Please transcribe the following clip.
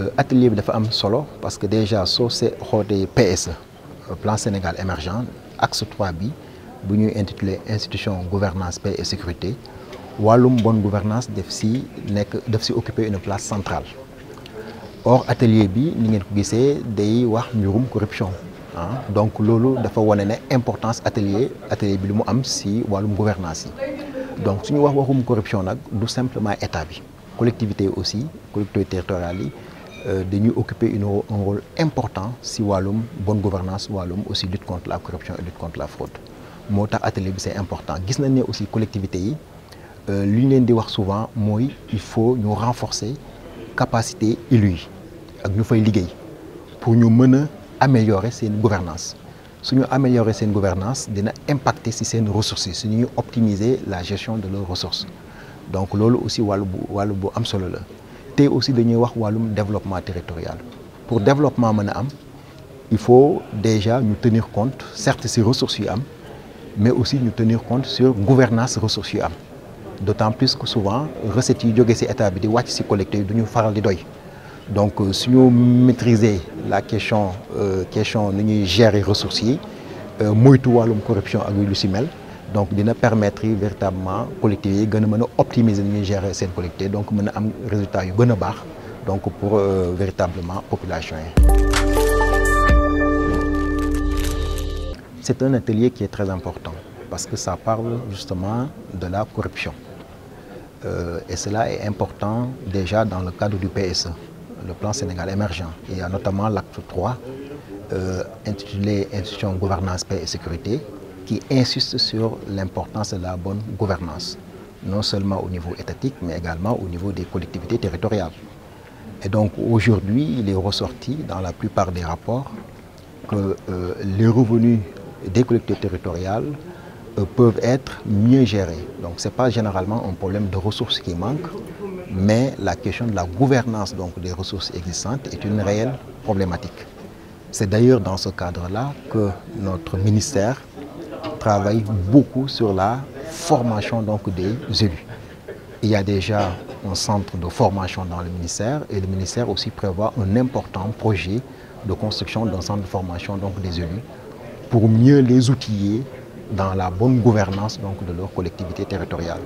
Euh, atelier de dafa am solo parce que déjà c'est c'est xoolee PSE euh, plan Sénégal émergent axe 3 bi bu intitulé institution gouvernance paix et sécurité walum bonne gouvernance def ci nek def occuper une place centrale or atelier bi ni ngeen ko gissé day wax corruption hein. donc lolu dafa wane né importance atelier atelier bi lu mu am si walum gouvernance donc suñu wax waxum corruption nak du simplement état bi collectivité aussi collectivité territoriale nous euh, occuper un rôle important si une bonne gouvernance Walum, aussi lutte contre la corruption et lutte contre la fraude moo atelier c'est important gis nañ aussi collectivité. yi euh, li di wax souvent moy il faut nous renforcer capacité élus lui, ak ñu fay pour ñu améliorer sen gouvernance Si nous améliorer sen gouvernance dina impacter si sen ressources Si nous optimiser la gestion de nos ressources donc lolu aussi walu walu bu am et aussi nous wax du développement territorial pour le développement il faut déjà nous tenir compte certes les ressources mais aussi nous tenir compte sur gouvernance ressources d'autant plus que souvent recettes yi sont établies état bi di wàcc les collecteurs donc euh, si nous maîtrisons la question euh, question gérer les ressources, ressources yi euh, moytu la corruption ak Lucimel donc nous permettre véritablement de de de optimiser ni gérer cette collecte, donc nous a am résultat yu donc pour véritablement euh, véritablement population c'est un atelier qui est très important parce que ça parle justement de la corruption euh, et cela est important déjà dans le cadre du PSE le plan Sénégal émergent il y a notamment l'acte 3 euh, intitulé institution gouvernance paix et sécurité qui insiste sur l'importance de la bonne gouvernance, non seulement au niveau étatique, mais également au niveau des collectivités territoriales. Et donc aujourd'hui, il est ressorti dans la plupart des rapports que euh, les revenus des collectivités territoriales euh, peuvent être mieux gérés. Donc ce n'est pas généralement un problème de ressources qui manque, mais la question de la gouvernance donc, des ressources existantes est une réelle problématique. C'est d'ailleurs dans ce cadre-là que notre ministère travaille beaucoup sur la formation donc, des élus. Il y a déjà un centre de formation dans le ministère et le ministère aussi prévoit un important projet de construction d'un centre de formation donc, des élus pour mieux les outiller dans la bonne gouvernance donc, de leur collectivité territoriale.